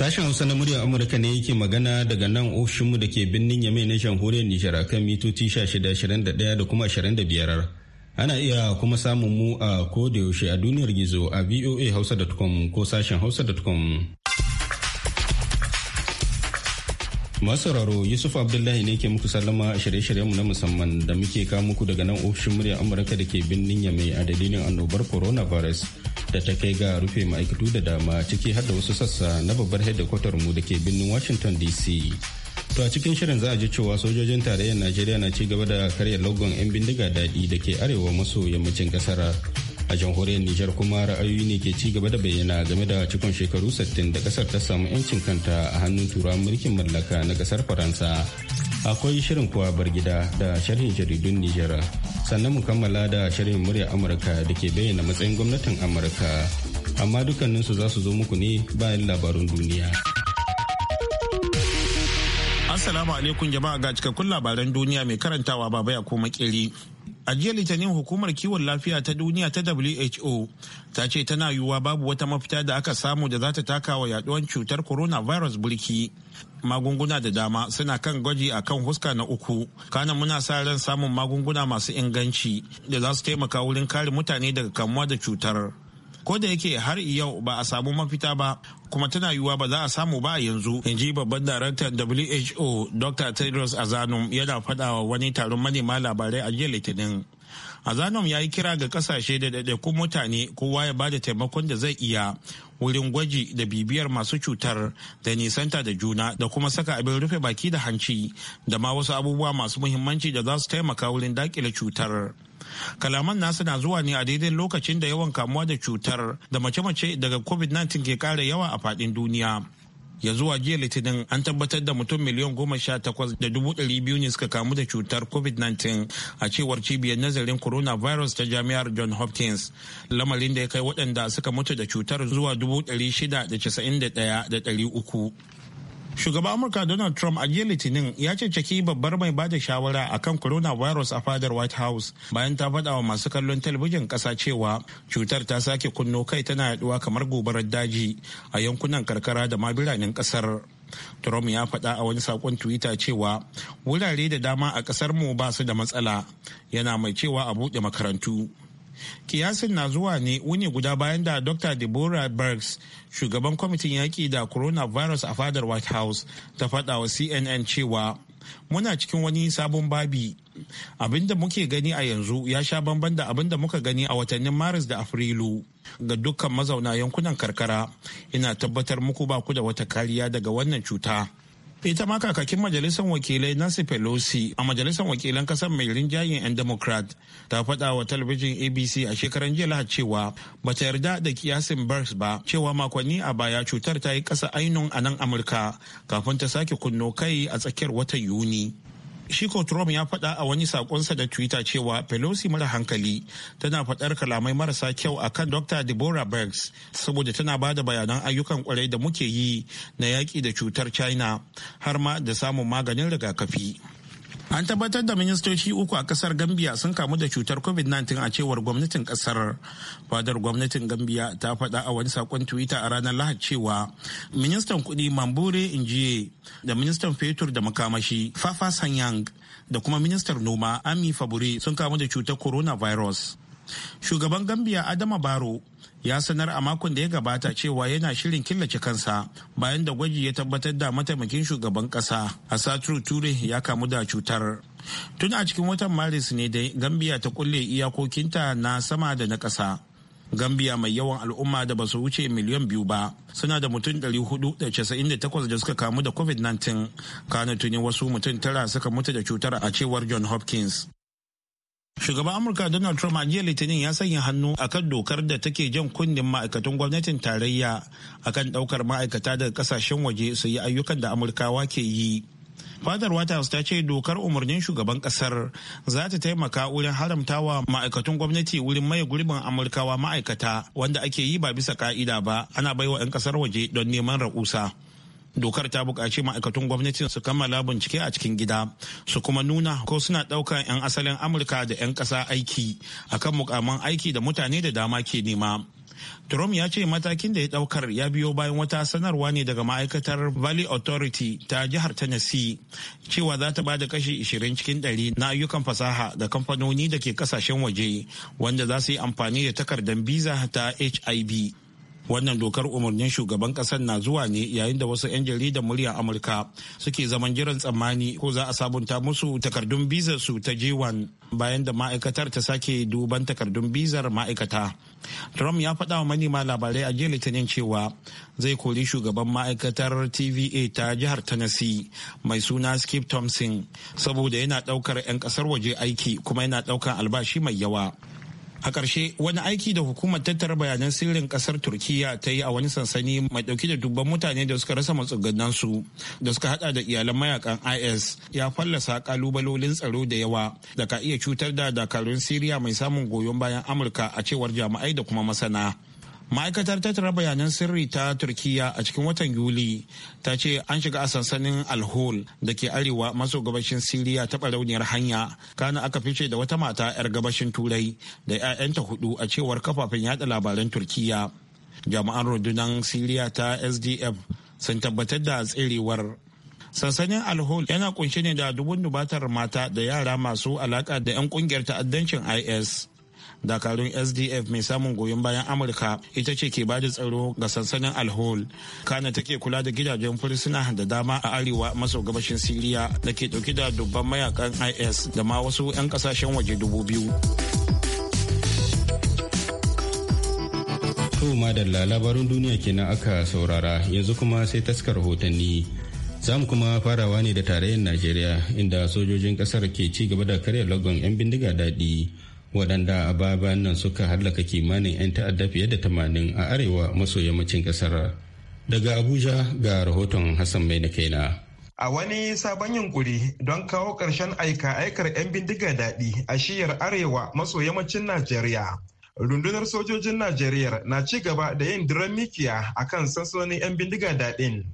Sashen Hausa na muryar Amurka ne yake magana daga nan ofishinmu da ke birnin Yamai na jamhuriyar Nijar a kan mitoci 1621 da kuma 25. Ana iya kuma samun mu a kodayaushe a duniyar gizo a voa hausa.com ko sashen hausa.com. masararo yusuf abdullahi ne ke muku sallama a shirye-shiryenmu na musamman da muke kawo muku daga nan ofishin muryar amurka da ke birnin yamai a dalilin annobar coronavirus da ta kai ga rufe ma'aikatu da dama ciki har da wasu sassa na babbar hedikwatar mu da ke birnin washington dc to a cikin shirin za a ji cewa sojojin tarayyar najeriya na ci gaba da karya logon 'yan bindiga daɗi da ke arewa maso yammacin kasar a jamhuriyar nijar kuma ra'ayoyi ne ke ci gaba da bayyana game da cikon shekaru 60 da kasar ta samu 'yancin kanta a hannun turawa mulkin mallaka na kasar faransa akwai shirin kuwa bar gida da sharhin jaridun nijar sannan mu kammala da sharhin murya amurka da ke bayyana matsayin gwamnatin amurka amma dukkaninsu za su zo muku ne bayan labarun duniya assalamu alaikum jama'a ga cikakkun labaran duniya mai karantawa baba ya ko makeri A jiya Litinin hukumar kiwon lafiya ta duniya ta WHO ta ce tana yiwuwa babu wata mafita da aka samu da za ta taka wa yaɗuwar cutar corona virus bulki. Magunguna da dama suna kan gwaji a kan huska na uku. Kana muna sa ran samun magunguna masu inganci da za su taimaka wurin kare mutane daga kamuwa da cutar. Ko da yake har yau ba a samu mafita ba, kuma tana yiwuwa ba za a samu ba a yanzu in ji babban daraktan who dr tedros azanum yana fadawa wani taron manema labarai a jiya litinin Azanom ya yi kira ga kasashe da ɗaiɗaikun mutane kowa ya bada taimakon da zai iya wurin gwaji da bibiyar masu cutar da nisanta da juna da kuma saka abin rufe baki da hanci da ma wasu abubuwa masu muhimmanci da za su taimaka wurin dakile cutar. Kalaman nasu na zuwa ne a daidai lokacin da yawan kamuwa da cutar da mace-mace daga COVID-19 ke kara yawa a faɗin duniya. ya zuwa jiya litinin an tabbatar da mutum miliyan goma sha takwas da dubu ɗari biyu ne suka kamu da cutar covid-19 a cewar cibiyar nazarin coronavirus ta jami'ar john hopkins lamarin da ya kai waɗanda suka mutu da cutar zuwa dubu ɗari shida da casa'in da ɗaya da ɗari uku Shugaban Amurka Donald Trump a jiya Litinin ya ceceki babbar mai bada shawara akan coronavirus a fadar White House bayan ta faɗa wa masu kallon talabijin ƙasa cewa cutar ta sake kunno kai tana yaduwa kamar gobarar daji a yankunan karkara da ma biranen ƙasar. Trump ya faɗa a wani saƙon Twitter cewa wurare da dama a ƙasar mu ba su da matsala yana mai cewa a buɗe makarantu. kiyasin na zuwa ne wuni guda bayan da dr deborah bergs shugaban kwamitin yaƙi da coronavirus a fadar white house ta faɗa wa cnn cewa muna cikin wani sabon babi abinda muke gani a yanzu ya sha bamban da abinda muka gani a watannin maris da afrilu ga dukkan mazauna yankunan karkara ina tabbatar muku ba ku da wata kariya daga wannan cuta ita ma kakakin majalisar wakilai nancy pelosi a majalisar wakilan kasar mai rinjayen 'yan democrat ta faɗa wa talabijin abc a shekaran jiya lahad cewa ba ta yarda da kiyasin burks ba cewa makonni a baya cutar ta yi ƙasa ainun a nan amurka kafin ta sake kunno kai a tsakiyar watan yuni shi ko Trump ya faɗa a wani sakonsa da Twitter cewa Pelosi mara hankali tana faɗar kalamai marasa kyau akan Dr. Deborah bergs saboda tana ba da bayanan ayyukan kwarai da muke yi na yaƙi da cutar China har ma da samun maganin rigakafi. An tabbatar da ministoci uku a kasar Gambia sun kamu da cutar COVID-19 a cewar gwamnatin kasar. Fadar gwamnatin Gambia ta faɗa a wani sakon Twitter a ranar Lahad cewa ministan kuɗi Mambure Injiye da ministan fetur da makamashi Fafa Sanyang da kuma Ministan noma Ami Fabure sun kamu da cutar coronavirus. shugaban gambia adama baro ya sanar a makon da ya gabata cewa yana shirin killace kansa bayan da gwaji ya tabbatar da mataimakin shugaban kasa a satru ture ya kamu da cutar tun a cikin watan maris ne da gambia ta kulle iyakokinta na sama da na kasa gambia mai yawan al'umma da ba su wuce miliyan biyu ba suna da mutum 498 da suka kamu da covid-19 kana tuni wasu mutum tara suka mutu da cutar a cewar john hopkins Shugaban Amurka Donald Trump a jiya Litinin ya sanya hannu a kan dokar da take jan kundin ma'aikatan gwamnatin tarayya akan ɗaukar ma'aikata daga kasashen waje su yi ayyukan da Amurkawa ke yi. Fadar White ta ce dokar umarnin shugaban kasar za ta taimaka wurin haramtawa ma'aikatan gwamnati wurin maye gurbin Amurkawa ma'aikata wanda ake yi ba bisa ka'ida ba ana baiwa 'yan kasar waje don neman raƙusa. dokar ta buƙaci ma'aikatun gwamnati su kammala bincike a cikin gida su kuma nuna ko suna ɗaukar 'yan asalin amurka da 'yan ƙasa aiki akan mukaman aiki da mutane da dama ke nema Trump ya ce matakin da ya ɗaukar ya biyo bayan wata sanarwa ne daga ma'aikatar Valley Authority ta jihar Tennessee cewa za ta bada kashi 20 cikin 100 na ayyukan fasaha da kamfanoni da ke kasashen waje wanda za su yi amfani da takardar biza ta HIV. wannan dokar umarnin shugaban kasar na zuwa ne yayin da wasu 'yan jaridar murya amurka suke zaman jiran tsammani ko za a sabunta musu takardun bizar su ta g 1 bayan da ma'aikatar ta sake duban takardun bizar ma'aikata trump ya faɗa wa manema labarai a jiya litinin cewa zai kori shugaban ma'aikatar tva ta jihar tanasi mai suna skip thompson saboda yana ɗaukar 'yan ƙasar waje aiki kuma yana ɗaukar albashi mai yawa a ƙarshe wani aiki da hukumar tattara bayanan sirrin ƙasar turkiya ta yi a wani sansani mai ɗauki da dubban mutane da suka rasa su da suka hada da iyalan mayakan is ya fallasa kalubalolin tsaro da yawa da ka iya cutar da dakarun siriya mai samun goyon bayan amurka a cewar jami'ai da kuma masana ma'aikatar tattara bayanan sirri ta turkiya a cikin watan yuli ta ce an shiga a sansanin alhol da ke arewa maso gabashin siriya ta barauniyar hanya kana aka fice da wata mata 'yar gabashin turai da 'ya'yanta hudu a cewar kafafen yada labaran turkiya jami'an rundunar siriya ta sdf sun tabbatar da tserewar sansanin alhol yana kunshe ne da dubun dubatar mata da yara masu alaka da 'yan kungiyar ta'addancin is dakarun sdf mai samun goyon bayan amurka ita ce ke bada tsaro ga sansanin alhol kana take kula da gidajen fursuna da dama a arewa maso gabashin siriya da ke dauke da dubban mayakan is da ma wasu 'yan kasashen waje dubu biyu kuma madalla labarun duniya kenan aka saurara yanzu kuma sai taskar rahotanni zamu kuma farawa ne da tarayyar najeriya inda sojojin kasar ke ci gaba da karya lagon 'yan bindiga daɗi waɗanda a baya nan suka hallaka kimanin 'yan ta'adda fiye da tamanin a arewa maso yammacin ƙasar daga abuja ga rahoton hassan mai na kaina a wani sabon yunkuri don kawo ƙarshen aika-aikar 'yan bindiga daɗi a shiyar arewa maso yammacin najeriya rundunar sojojin najeriya na ci gaba da yin diran mikiya a kan sansanonin 'yan bindiga daɗin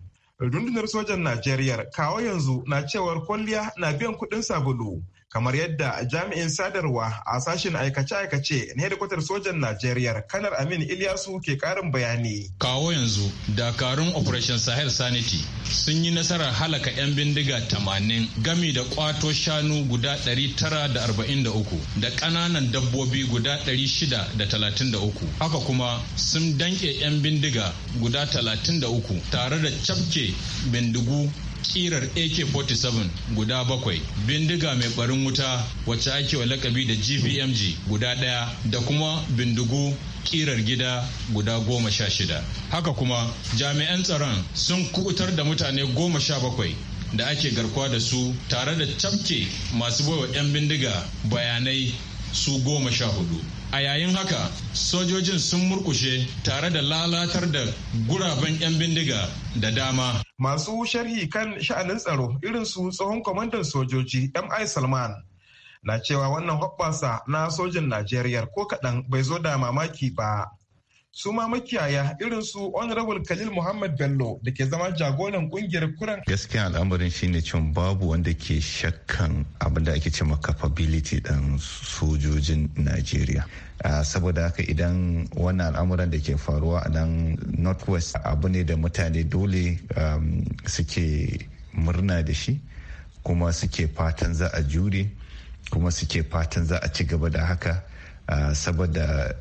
rundunar sojan najeriya kawo yanzu na cewar kwalliya na biyan kuɗin sabulu kamar yadda jami'in sadarwa a sashen aikace-aikace na hedikwatar sojan najeriya kanar amin ilyasu ke karin bayani kawo yanzu dakarun operation sahel sanity sun yi nasarar halaka 'yan bindiga 80 gami da kwato shanu guda 943 da ƙananan dabbobi guda 633 haka kuma sun danke 'yan bindiga guda 33 tare da cafke bindigu kirar AK-47 guda bakwai, bindiga mai barin wuta wacce ake wa lakabi da gvmg guda daya da kuma bindigu kirar gida guda goma sha shida. Haka kuma jami'an tsaron sun kubutar da mutane goma sha bakwai da ake garkuwa da su tare da tafke masu baiwa 'yan bindiga bayanai su goma sha hudu. a yayin haka sojojin sun murkushe tare da lalatar da guraben 'yan bindiga da dama masu sharhi kan sha'anin tsaro irin su tsohon kwamandan sojoji mi salman na cewa wannan hoɓɓasa na sojin najeriya ko kaɗan bai zo da mamaki ba su ma makiyaya irin su honorable khalil muhammad bello da ke zama jagoran kungiyar kuran gaskiya al'amarin shine cin babu wanda ke shakkan abin da ake cewa capability ɗin sojojin najeriya saboda haka idan wannan al'amuran da ke faruwa a nan northwest abu ne da mutane dole um, suke murna da shi kuma suke fatan za a jure kuma suke fatan za a ci gaba da haka saboda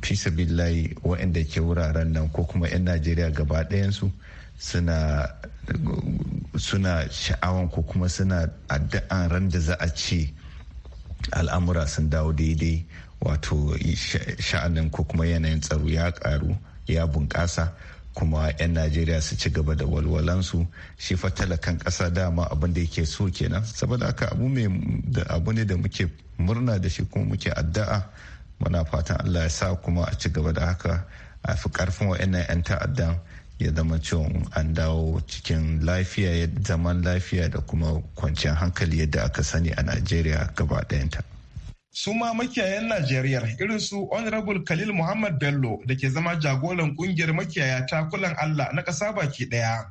fisabillahi waɗanda ke wuraren nan ko kuma 'yan najeriya gaba ɗayansu suna suna sha'awan ko kuma suna addu'an ran da za a ce al'amura sun dawo daidai wato sha'anin ko kuma yanayin tsaro ya karu ya bunƙasa kuma 'yan najeriya su ci gaba da walwalansu shi fa talakan ƙasa dama abin da yake so kenan saboda haka abu ne da muke murna da shi kuma muke addu'a muna fatan allah ya sa kuma a ci gaba da haka a fi karfin wa'annan 'yan ta'addan ya zama cewa an dawo cikin lafiya ya zaman lafiya da kuma kwanciyar hankali yadda aka sani a najeriya gaba ɗayanta. su ma makiyayan najeriya irin su honorable khalil muhammad bello da ke zama jagoran kungiyar makiyaya ta kulan allah na ƙasa baki ɗaya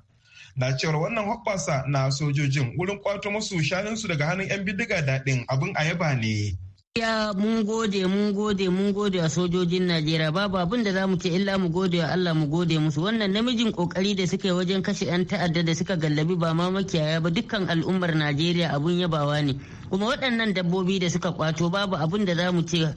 na cewar wannan hoɓɓasa na sojojin wurin kwato musu shanunsu daga hannun 'yan bindiga daɗin abin ayaba ne Ya mun gode mun gode mun gode a sojojin Najeriya babu abin da za mu ce illa mu gode wa Allah mu gode musu wannan namijin kokari da suke wajen kashe 'yan ta'adda da suka gallabi ba ma makiyaya ba dukkan al'ummar Najeriya abun yabawa ne. kuma waɗannan dabbobi da suka kwato babu abin da za mu ce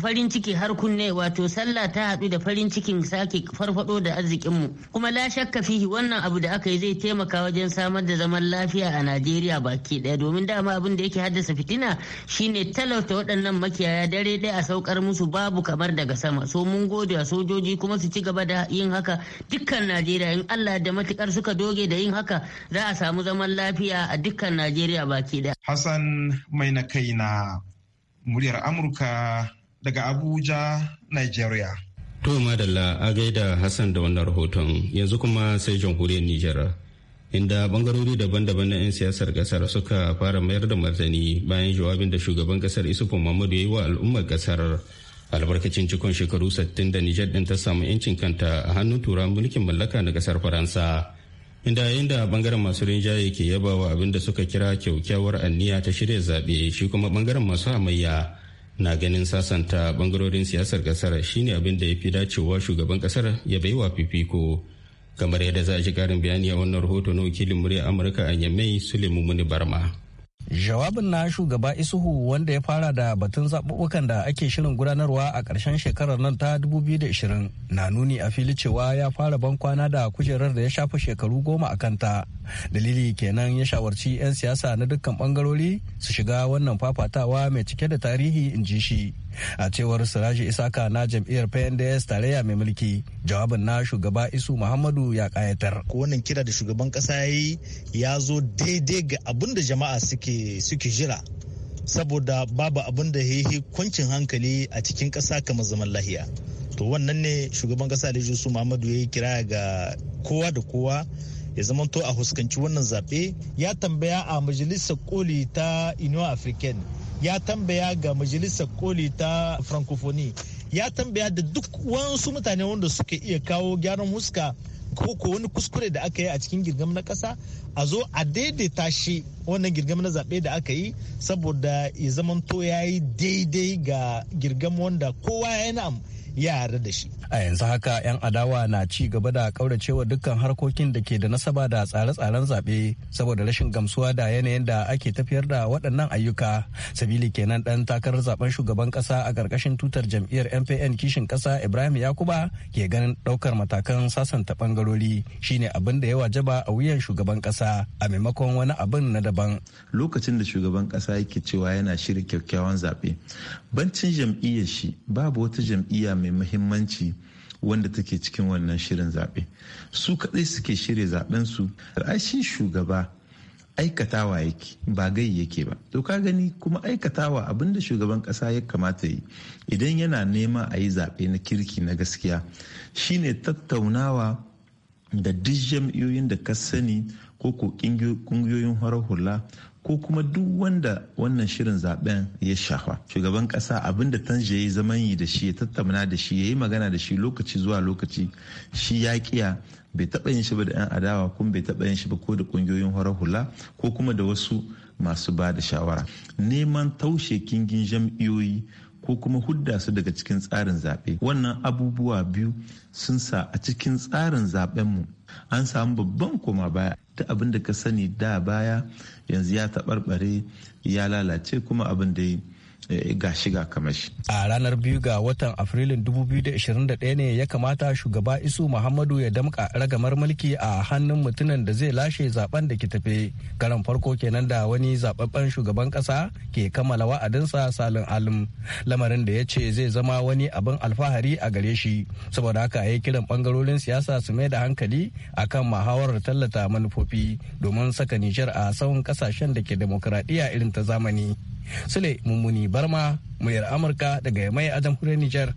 farin ciki har kunne wato sallah ta haɗu da farin cikin sake farfado da arzikin mu kuma la shakka fihi wannan abu da aka yi zai taimaka wajen samar da zaman lafiya a najeriya baki ɗaya domin dama abin da yake haddasa fitina shine talauta waɗannan makiyaya dare ɗaya a saukar musu babu kamar daga sama so mun gode a sojoji kuma su ci gaba da yin haka dukkan najeriya in allah da matukar suka doge da yin haka za a samu zaman lafiya a dukkan najeriya baki ɗaya hassan mai na kai na muryar Amurka daga Abuja, Nigeria. To madalla a gaida Hassan da wannan rahoton yanzu kuma sai jamhuriyar Nijar. Inda bangarori daban-daban na 'yan siyasar kasar suka fara mayar da martani bayan jawabin da shugaban kasar Isufu Muhammadu ya yi wa al'ummar kasar albarkacin cikon shekaru 60 da Nijar ɗin ta samu 'yancin kanta a hannun turan mulkin mallaka na kasar Faransa. inda yayin da bangaren masu rinjaye ke yabawa abin da suka kira kyaukyawar anniya ta shirya zaɓe shi kuma bangaren masu hamayya na ganin sasanta bangarorin siyasar kasar shine abin da ya fi dacewa shugaban kasar ya bai baiwa fifiko kamar yadda za a ji karin bayani a wannan rahoto na wakilin murya amurka a yamai suleiman muni barma Jawabin na shugaba Isuhu wanda ya fara da batun zaɓuɓɓukan da ake shirin gudanarwa a ƙarshen shekarar nan ta 2020 na nuni a fili cewa ya fara ban kwana da kujerar da ya shafa shekaru goma a kanta. Dalili kenan ya shawarci 'yan siyasa na dukkan ɓangarori su shiga wannan fafatawa mai cike da tarihi in ji shi. a cewar siraji isaka na jam'iyyar pnds tarayya mai mulki jawabin na shugaba isu muhammadu ya kayatar ko wannan kira da shugaban kasa ya ya zo daidai ga abin da jama'a suke jira saboda babu abin da ya kwancin hankali a cikin kasa kamar zaman lahiya to wannan ne shugaban kasa da su muhammadu ya yi kira ga kowa da kowa ya zama a huskanci wannan zaɓe ya tambaya a majalisar koli ta union african ya tambaya ga majalisar koli ta francophonie ya tambaya da duk wasu mutane wanda suka iya kawo gyaran huska ko wani kuskure da aka yi a cikin girgam na kasa a zo a daidaita shi wannan girgam na zaɓe da aka yi saboda ya zamanto ya yi daidai ga girgam wanda kowa ya yi na'am yara da shi a yanzu haka 'yan adawa na ci gaba da kauracewa dukkan harkokin da ke da nasaba da tsare-tsaren zaɓe saboda rashin gamsuwa da yanayin da ake tafiyar da waɗannan ayyuka sabili kenan ɗan takarar zaben shugaban ƙasa a ƙarƙashin tutar jam'iyyar mpn kishin ƙasa ibrahim yakuba ke ganin ɗaukar matakan sasanta ɓangarori shine abin da ya wajaba a wuyan shugaban ƙasa a maimakon wani abin na daban lokacin da shugaban ƙasa yake cewa yana shirin kyakkyawan zaɓe bancin jam'iyyar shi babu wata jam'iyya mai muhimmanci wanda take cikin wannan shirin zaɓe su kaɗai suke shirya zaɓen su shi shugaba aikatawa yake ba gai yake ba to ka gani kuma aikatawa abinda shugaban kasa ya kamata yi idan yana nema a yi zaɓe na kirki na gaskiya shine tattaunawa da duk jam'iyoyin da ka sani ko ko kungiyoyin hula ko kuma duk wanda wannan shirin zaben ya shafa shugaban kasa abinda tanje ya yi zaman yi da shi ya tattauna da shi ya yi magana da shi lokaci zuwa lokaci shi ya kiya bai taba yin shi ba da 'yan adawa kuma bai taɓa yin shi ba ko da kungiyoyin horar hula ko kuma da wasu masu ba da shawara neman taushe kingin jam'iyoyi ko kuma hudda su daga cikin tsarin zaɓe wannan abubuwa biyu sun sa a cikin tsarin zaɓenmu an samu babban koma baya ta abin da ka sani da baya yanzu ya taɓarɓare ya lalace kuma abin da Eh, ga shiga kamashi. A ranar biyu ga watan Afrilun 2021 ne ya kamata shugaba Isu Muhammadu ya damka ragamar mulki a hannun mutumin da zai lashe zaben da ke tafe. Karan farko kenan da wani zababben shugaban ƙasa ke kammala wa'adinsa salin alim. Lamarin da ya ce zai zama wani abin alfahari a gare shi. Saboda haka ya kiran bangarorin siyasa su mai da hankali a kan mahawarar tallata manufofi domin saka Nijar a tsawon ƙasashen da ke demokuraɗiyya irin ta zamani. Sule Mummuni Barma, muryar Amurka daga Yamai a jamhuriyar Nijar.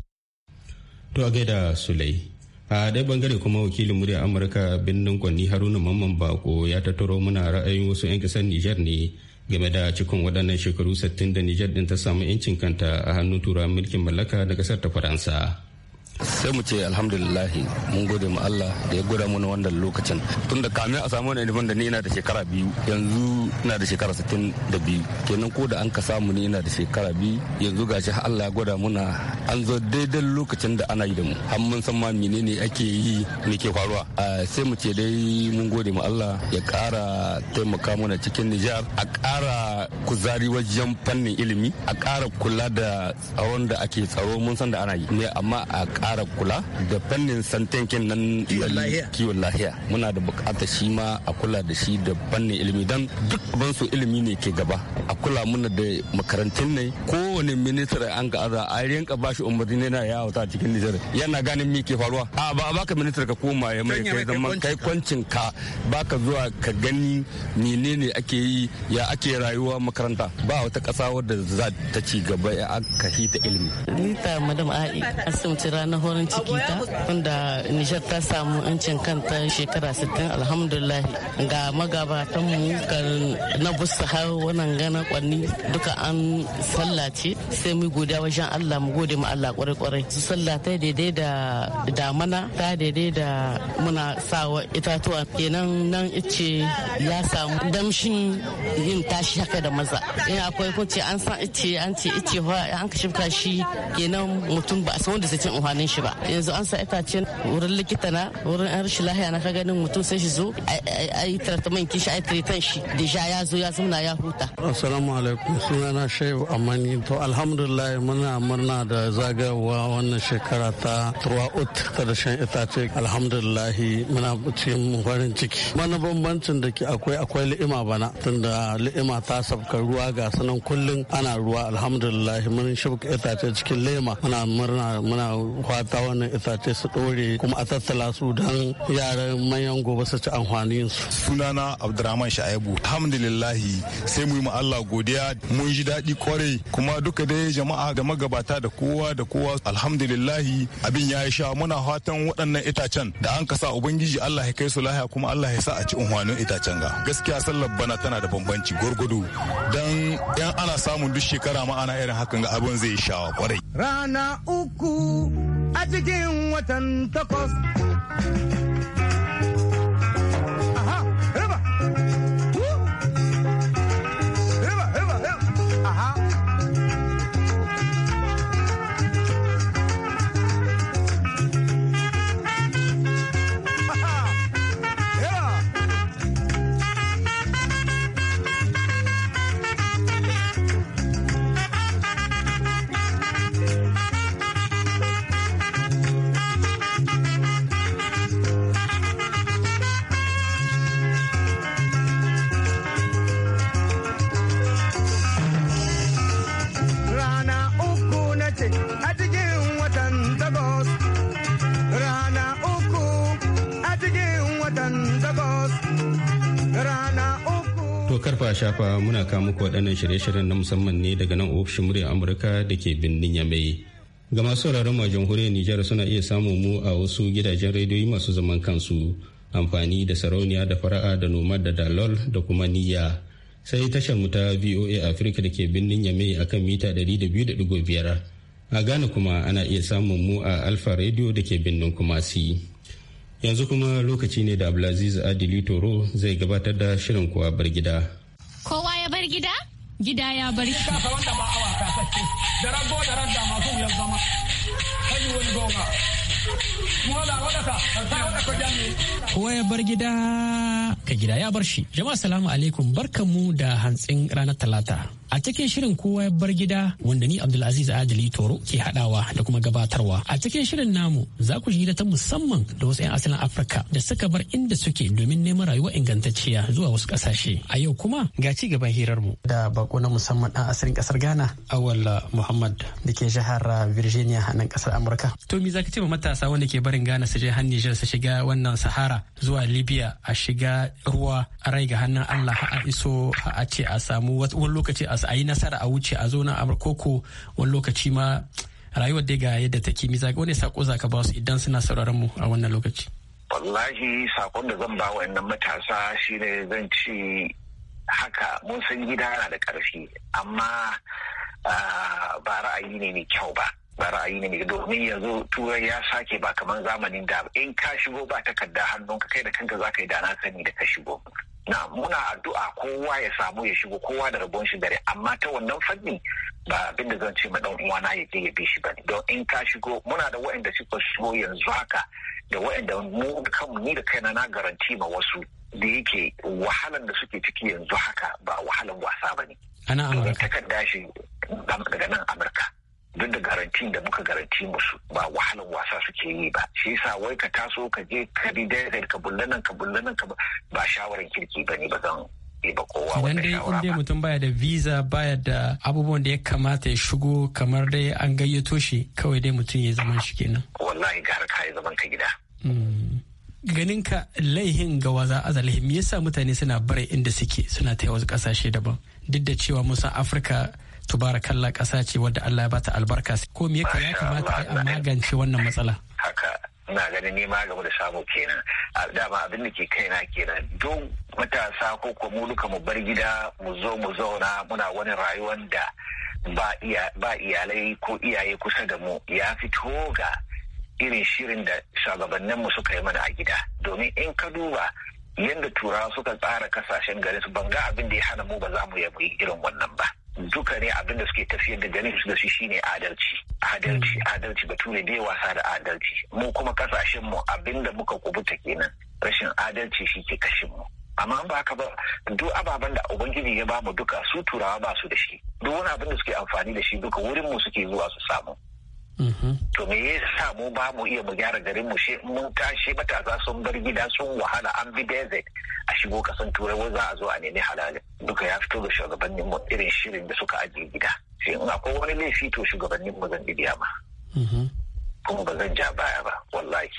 To a gaida Sulai. A ɗaya bangare kuma wakilin muryar Amurka birnin Kwanni Haruna Mamman Bako ya tattaro muna ra'ayin wasu 'yan ƙasar Nijar ne game da cikin waɗannan shekaru 60 da Nijar ɗin ta samu 'yancin kanta a hannun turawan mulkin mallaka da ƙasar ta Faransa. sai mu ce alhamdulillah mun gode mu Allah da ya gwada mana wannan lokacin tunda kamin a samu wani wanda da ni ina da shekara biyu yanzu ina da shekara sittin da biyu kenan ko da an ka samu ni ina da shekara biyu yanzu gashi Allah ya gwada muna an zo daidai lokacin da ana yi da mu har mun san ma menene ake yi me ke faruwa sai mu ce dai mun gode mu Allah ya kara taimaka mana cikin Nijar a kara kuzari wajen fannin ilimi a kara kula da tsaron da ake tsaro mun san da ana yi amma a ƙara kula da fannin santankin nan kiwon lahiya muna da bukatar shi ma a kula da shi da fannin ilimi don duk ban su ilimi ne ke gaba a kula muna da makarantun ne kowane ministra an ka aza a rinka bashi umarni yana yawo ta cikin nijar yana ganin me ke faruwa a ba a baka ka koma ya mai kai zaman kai kwancin ka baka zuwa ka gani menene ake yi ya ake rayuwa makaranta ba wata kasa wadda za ta ci gaba ya aka hita ilimi. ta Madam A'i, ranar na horon ciki ta wanda Nijar ta samu 'yancin kanta shekara 60 alhamdulahi ga magabatan mu na busa har wannan gana kwanni duka an sallace sai mu godiya wajen Allah mu gode mu Allah kwarai kwarai su sallah ta daidai da damana ta daidai da muna sawa itatuwa kenan nan ice ya samu damshin yin tashi haka da maza in akwai ko ce an san ice an ce ice an ka shi kenan mutum ba a san wanda sai cin ganin shi ba yanzu an sa itace wurin likita na wurin an rashin lahiya na ka ganin mutum sai shi zo a yi tratament kishi a yi tretan shi deja ya zo ya zuna ya huta assalamu alaikum suna na shehu amani to alhamdulillah muna murna da zagawa wannan shekara ta turwa ut ta da shan itace alhamdulillah muna cikin farin ciki mana bambancin da ke akwai akwai li'ima bana tunda li'ima ta sabka ruwa ga sanan kullum ana ruwa alhamdulillah mun shibka itace cikin lema muna murna muna fata wannan ce su ɗore kuma a tattala su don yaran manyan gobe su ci amfanin su. Sunana Abdurrahman Shaibu. Alhamdulillahi sai mu yi Allah godiya mun ji daɗi kwarai kuma duka dai jama'a da magabata da kowa da kowa alhamdulillahi abin ya sha muna fatan waɗannan itacen da an kasa ubangiji Allah ya kai su lahiya kuma Allah ya sa a ci unhwanin itacen ga. Gaskiya sallar bana tana da bambanci gwargwado don yan ana samun duk shekara ma'ana irin hakan ga abin zai sha kwarai. Rana uku a cikin watan takwas. shafa muna kawo muku waɗannan shirye-shiryen na musamman ne daga nan ofishin muryar Amurka da ke birnin Yamai. Ga masu sauraron ma jamhuriyar Nijar suna iya samun mu a wasu gidajen rediyoyi masu zaman kansu amfani da sarauniya da fara'a da noma da dalol da kuma niyya. Sai tashar mu ta VOA afirka da ke birnin Yamai akan mita ɗari da da biyu biyar A Ghana kuma ana iya samun mu a Alfa Radio da ke birnin Kumasi. yanzu kuma lokaci ne da abdulaziz adili toro zai gabatar da shirin kuwa bar gida ya bar gida? Gida ya bar gida. wanda ba Kowa ya bar gida ka gida ya bar shi. Jama'a salamu alaikum barkanmu da hantsin ranar talata. A cikin shirin kowa ya bar gida wanda ni Abdulaziz Adili Toro ke hadawa da kuma gabatarwa. A cikin shirin namu za ku shiga ta musamman da wasu 'yan asalin Afirka da suka bar inda suke domin neman rayuwa ingantacciya zuwa wasu kasashe. A yau kuma ga ci gaban hirar mu. Da bako na musamman dan asalin kasar Ghana. awala Muhammad. Da ke jihar uh, Virginia a nan kasar Amurka. To me za ka ce ma matasa wanda ke barin Ghana su je har Niger su shiga wannan Sahara zuwa Libya a shiga ruwa a rai ga hannun Allah a iso a ce a samu wani lokaci a a yi nasara a wuce a zo na koko wani lokaci ma rayuwar dai ga yadda ta take misa wani sako zaka ba su idan suna sauraron mu a wannan lokaci wallahi sakon da zan ba wa wa'annan matasa shine zan ci haka mun san gida na da ƙarfi amma ah, ba ra'ayi ne mai kyau ba ba ra'ayi ne domin yanzu turai ya sake ba kamar zamanin da in ka shigo ba takarda ka kai da kanka za ka yi da sani da ka shigo na muna addu'a kowa ya samu ya shigo kowa da rabon shi dare amma ta wannan fanni ba abin da zan ce ma dan uwana ya je ya bi shi bane don in ka shigo muna da waɗanda suka shigo yanzu haka da waɗanda mu kanmu ni da kaina na garanti ma wasu da yake wahalan da suke ciki yanzu haka ba wahalan wasa bane ana amurka takarda shi daga nan amurka duk da garantin da muka garanti musu ba wahalar wasa suke yi ba shi yasa wai ka taso ka je ka bi daidai ka bulle nan ka bulle nan ka ba shawarar kirki ba ne ba zan ba kowa wanda shawara ba. mutum baya da visa baya da abubuwan da ya kamata ya shigo kamar dai an gayyato shi kawai dai mutum ya zama shi kenan. Wallahi gara ka ya zaman ka gida. Hmm. Ganin ka laihin ga waza azalihin me yasa mutane suna bare inda suke suna ta wasu kasashe daban duk da cewa musa Afirka Allah ƙasa ce wadda Allah ya bata albarka ko me ya kamata a magance wannan matsala haka ina ganin nema game da samu kenan a dama abin da ke kai na kenan don matasa ko kuma mu duka mu bar gida mu zo mu zauna muna wani rayuwar da ba iyalai ko iyaye kusa da mu ya fito ga irin shirin da shugabanninmu suka yi mana a gida domin in ka duba yadda turawa suka tsara kasashen garin su ban ga abin da ya hana mu ba za mu yi irin wannan ba duka ne abin da suke tafiyar da ganin su da su shine adalci adalci hmm. adalci bature bai wasa da adalci mu kuma kasashen mu abin da muka kubuta kenan rashin adalci shi ke kashin mu amma ba haka ba duk ababen da ubangiji ya bamu duka su turawa ba su da shi duk wani abin da suke amfani da shi duka wurin mu suke zuwa su samu Mm-hmm. To me ya sa mu ba mu iya mu gyara garin mu mun tashi matasa sun bar gida sun wahala an bi desert a shigo kasan turai wai za a zo a nemi halalin duka ya fito da shugabannin mu irin shirin da suka ajiye gida sai in akwai wani laifi to shugabannin mu zan biya ma. Mm-hmm. Kuma ba zan ja baya ba wallahi.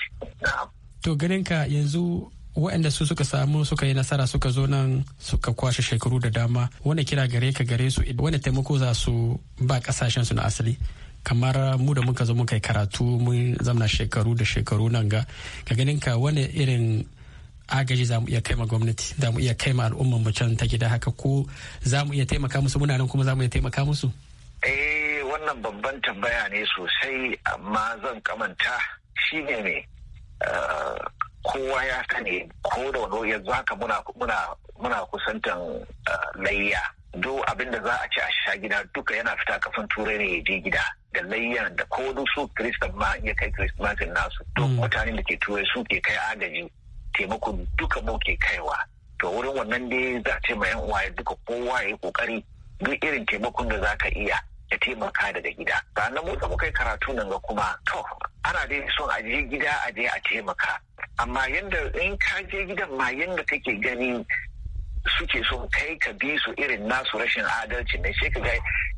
To ganin ka yanzu waɗanda su suka samu suka yi nasara suka zo nan suka kwashe shekaru da dama wani kira gare ka gare su wani taimako za su ba kasashen su na asali kamar mu da muka zo muka yi karatu mun zamna shekaru da shekaru nan ga ka ganin ka wani irin agaji za mu iya kai ma gwamnati za mu iya kai ma al'umman mu can ta gida haka ko za mu iya taimaka musu muna nan kuma za mu iya taimaka musu eh wannan babban tambaya ne sosai amma zan kamanta shine ne eh, kowa ya sani ko da wani yanzu haka muna muna muna kusantan eh, layya do abin da za a ci a sha gida duka yana fita kafin turai ne ya je gida da layya da ko su kristan ma ya kai krismasin nasu to mm. mutane da ke turai su ke kai agaji taimako duka mu ke kaiwa to wurin wannan dai za a ce ma yan uwa duka kowa ya yi kokari duk irin taimakon da za ka iya ya taimaka daga gida sannan mu da muka yi karatu nan ga kuma to ana dai son a je gida a je a taimaka amma yadda in ka je gidan ma yanda kake gani suke son kai ka bi su irin nasu rashin adalci ne sai ka ga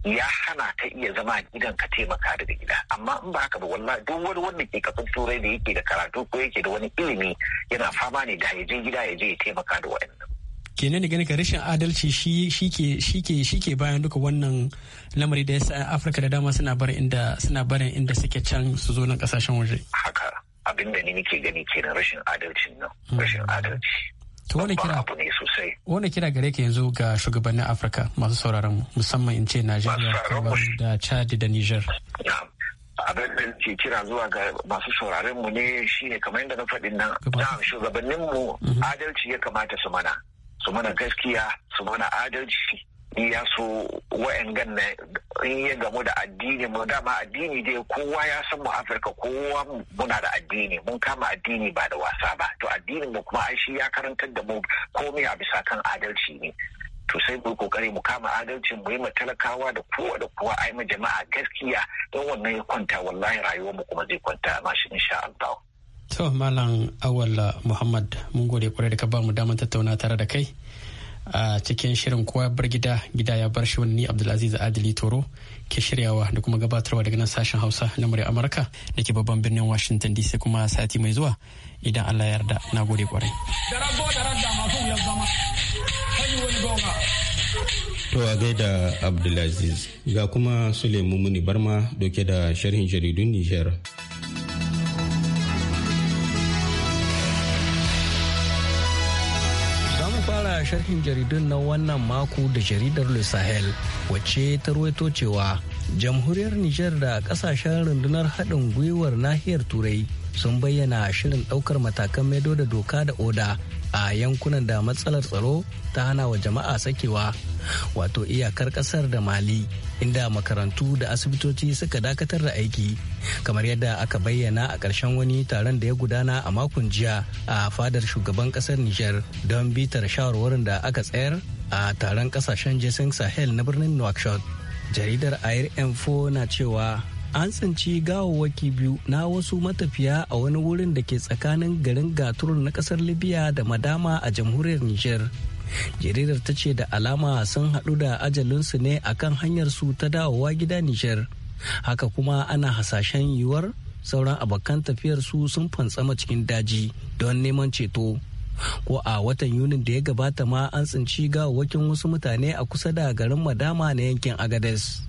ya hana ta iya zama a gidan ka taimaka daga gida amma in ba haka ba wallahi duk wani wanda ke kafin turai da yake da karatu ko yake da wani ilimi yana fama ne da yaje gida ya je ya taimaka da wa'annan kenan da gani ka rashin adalci shi ke bayan duka wannan lamari da yasa Afirka da dama suna barin inda suna barin inda suke can su zo nan kasashen waje haka abinda da ni nake gani kenan rashin adalcin nan hmm. rashin adalci to wani kira abu ne sosai wani kira gare ka yanzu ga shugabannin afirka masu sauraron musamman in ce najeriya da chad da niger abin da ke kira zuwa ga masu sauraron mu ne shine kamar yadda na faɗin nan shugabannin mu mhm. adalci ya kamata su mana su mana gaskiya su mana adalci ni ya so wa'yan gan in ya gamu da addini mu dama addini dai kowa ya san mu Afirka kowa muna da addini mun kama addini ba da wasa ba to addinin mu kuma shi ya karantar da mu komai a bisa kan adalci ne to sai mu kokari mu kama adalcin mu yi ma talakawa da kowa da kowa ai ma jama'a gaskiya don wannan ya kwanta wallahi rayuwar mu kuma zai kwanta mashi insha Allah to malam awalla muhammad mun gode kwarai da ka ba mu damar tattauna tare da kai a cikin shirin kowa bar gida gida ya bar shi wani abdulaziz adili toro ke shiryawa da kuma gabatarwa daga nan sashen hausa na murya amurka da ke babban birnin washington dc kuma sati mai zuwa idan allah ya yarda na gode kwarai To a gaida Abdulaziz ga kuma Suleiman Muni Barma doke da sharhin jaridun Nijar. sharhin jaridun na wannan mako da jaridar Le Sahel wacce ta ruwaito cewa jamhuriyar Nijar da kasashen rundunar haɗin gwiwar nahiyar Turai sun bayyana shirin ɗaukar matakan maido da doka da oda a yankunan da matsalar tsaro ta hana wa jama'a sakewa wato iyakar ƙasar da Mali inda makarantu da asibitoci suka dakatar da aiki kamar yadda aka bayyana a ƙarshen wani taron da ya gudana a makon jiya a fadar shugaban ƙasar Nijar don bitar shawarwarin da aka tsayar a taron ƙasashen jason sahel na birnin nouakchott jaridar air info na cewa an tsinci gawawwaki biyu na wasu matafiya a wani wurin da ke tsakanin garin gaturun na ƙasar libya da madama a jamhuriyar niger jaridar ta ce da alama sun haɗu da ajalinsu ne akan hanyar su ta dawowa gida nishar haka kuma ana hasashen yiwuwar sauran abokan tafiyar su sun fantsama cikin daji don neman ceto ko a watan yunin da ya gabata ma an tsinci gawawakin wasu mutane a kusa da garin madama na yankin agades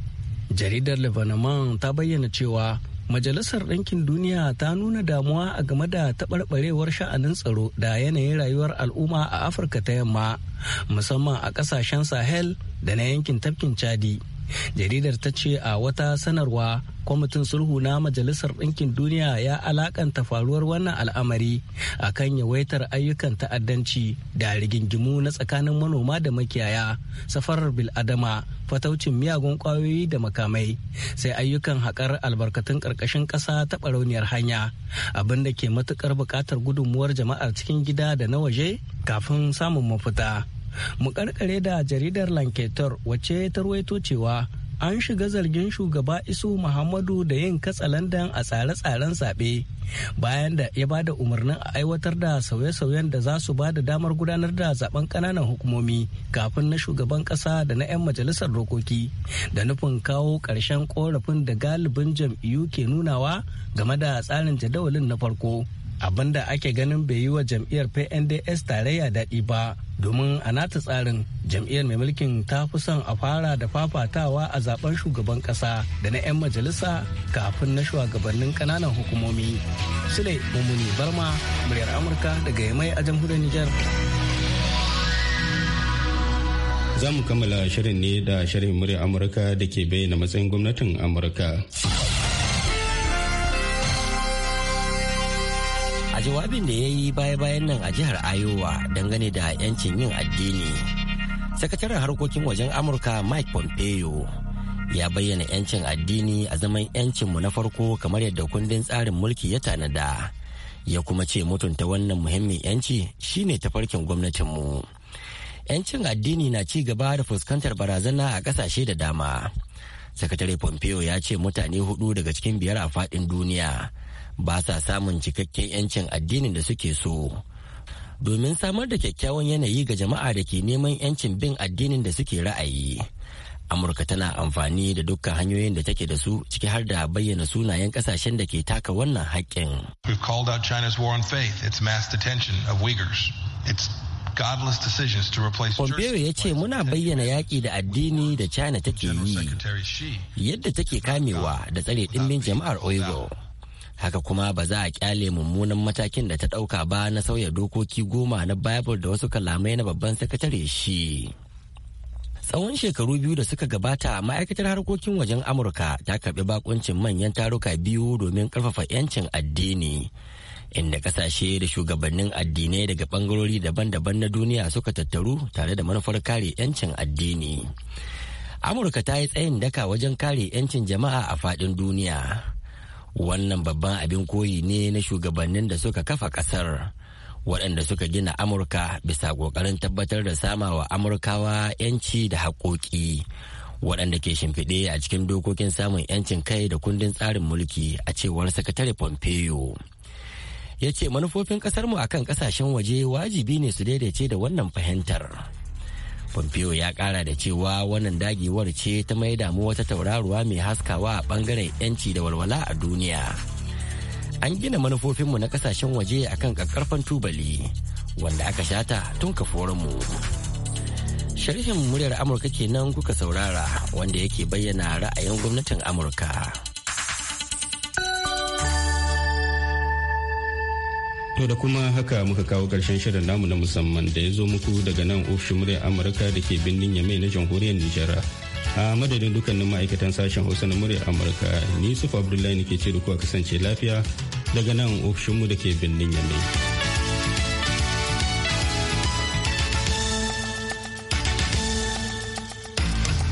jaridar lebanon ta bayyana cewa Majalisar Ɗinkin Duniya ta nuna damuwa a game da taɓarɓarewar sha'anin tsaro da yanayin rayuwar al'umma a Afirka ta yamma, musamman a ƙasashen Sahel da na yankin tafkin Chadi. jaridar ta ce a wata sanarwa kwamitin sulhu na majalisar ɗinkin duniya ya alakanta faruwar wannan al'amari a kan yawaitar ayyukan ta'addanci da rigingimu na tsakanin manoma da makiyaya safarar biladama fataucin miyagun kwayoyi da makamai sai ayyukan haƙar albarkatun ƙarƙashin ƙasa ta ɓarauniyar hanya abin da ke matuƙar buƙatar gudunmuwar jama'ar cikin gida da na waje kafin samun mafita. mu karkare da jaridar lanketar wacce ta ruwaito cewa an shiga zargin shugaba isu muhammadu da yin katsalandan a tsare-tsaren zaɓe bayan da ya bada umarnin a aiwatar da sauye-sauyen da za su ba da damar gudanar da zaben kananan hukumomi kafin na shugaban ƙasa da na 'yan majalisar dokoki da nufin kawo ƙarshen korafin da galibin jam'iyyu ke nunawa game da tsarin jadawalin na farko abinda ake ganin bai yi wa jam'iyyar pnds tarayya daɗi ba domin a nata tsarin jam'iyyar mai mulkin ta fi son a fara da fafatawa a zaben shugaban ƙasa da na 'yan majalisa kafin na shugabannin ƙananan hukumomi sule mummuni barma muryar amurka daga yamai a jamhuriyar nijar. za mu kammala shirin ne da shirin muryar amurka da ke bayyana matsayin gwamnatin amurka. a jawabin da ya yi baya-bayan nan a jihar Iowa dangane da 'yancin yin addini. Sakataren harkokin wajen Amurka Mike Pompeo ya bayyana 'yancin addini a zaman 'yancinmu na farko kamar yadda kundin tsarin mulki ya tanada. Ya kuma ce mutunta wannan muhimmin 'yanci shine tafarkin gwamnatinmu. 'Yancin addini na ci gaba da fuskantar barazana a ƙasashe da dama. Sakatare Pompeo ya ce mutane hudu daga cikin biyar a faɗin duniya. ba sa samun cikakken 'yancin addinin da suke so domin samar da kyakkyawan yanayi ga jama'a da ke neman 'yancin bin addinin da suke ra'ayi amurka tana amfani da dukkan hanyoyin da take da su ciki har da bayyana sunayen kasashen da ke taka wannan haƙƙin. we've china's war on faith its mass detention of uyghurs its Pompeo ya ce muna bayyana yaƙi da addini da China take yi yadda take kamewa da tsare ɗimbin jama'ar Uyghur. haka kuma ba za a kyale mummunan matakin da ta ɗauka ba na sauya dokoki goma na bible da wasu kalamai na babban sakatare shi tsawon shekaru biyu da suka gabata ma'aikatar harkokin wajen amurka ta karɓi bakuncin manyan taruka biyu domin ƙarfafa 'yancin addini inda kasashe da shugabannin addinai daga bangarori daban-daban na duniya suka tattaru tare da manufar kare 'yancin addini amurka ta yi tsayin daka wajen kare 'yancin jama'a a faɗin duniya wannan babban abin koyi ne na shugabannin da suka kafa kasar waɗanda suka gina amurka bisa ƙoƙarin tabbatar da samawa amurkawa 'yanci da haƙoƙi waɗanda ke shimfiɗe a cikin dokokin samun 'yancin kai da kundin tsarin mulki a cewar sakatare pompeo ya ce manufofin ƙasarmu a kan ƙasashen waje wajibi ne su daidaice da wannan fahimtar pompeo ya kara da cewa wannan dagewar ce ta mai damu wata tauraruwa mai haskawa a bangaren yanci da walwala a duniya an gina manufofinmu na kasashen waje a kan kakkarfan tubali wanda aka shata tun kafuwarmu? sharhin muryar amurka kenan kuka saurara wanda yake bayyana ra'ayin gwamnatin amurka. To da kuma haka muka kawo karshen shirin namu na musamman da ya zo muku daga nan ofishin muryar Amurka da ke birnin Yamai na jamhuriyar Nijar. A madadin dukkanin ma'aikatan sashen Hausa na muryar Amurka, ni Sufa Abdullahi ne ke ce da kuwa kasance lafiya daga nan ofishinmu da ke birnin Yamai.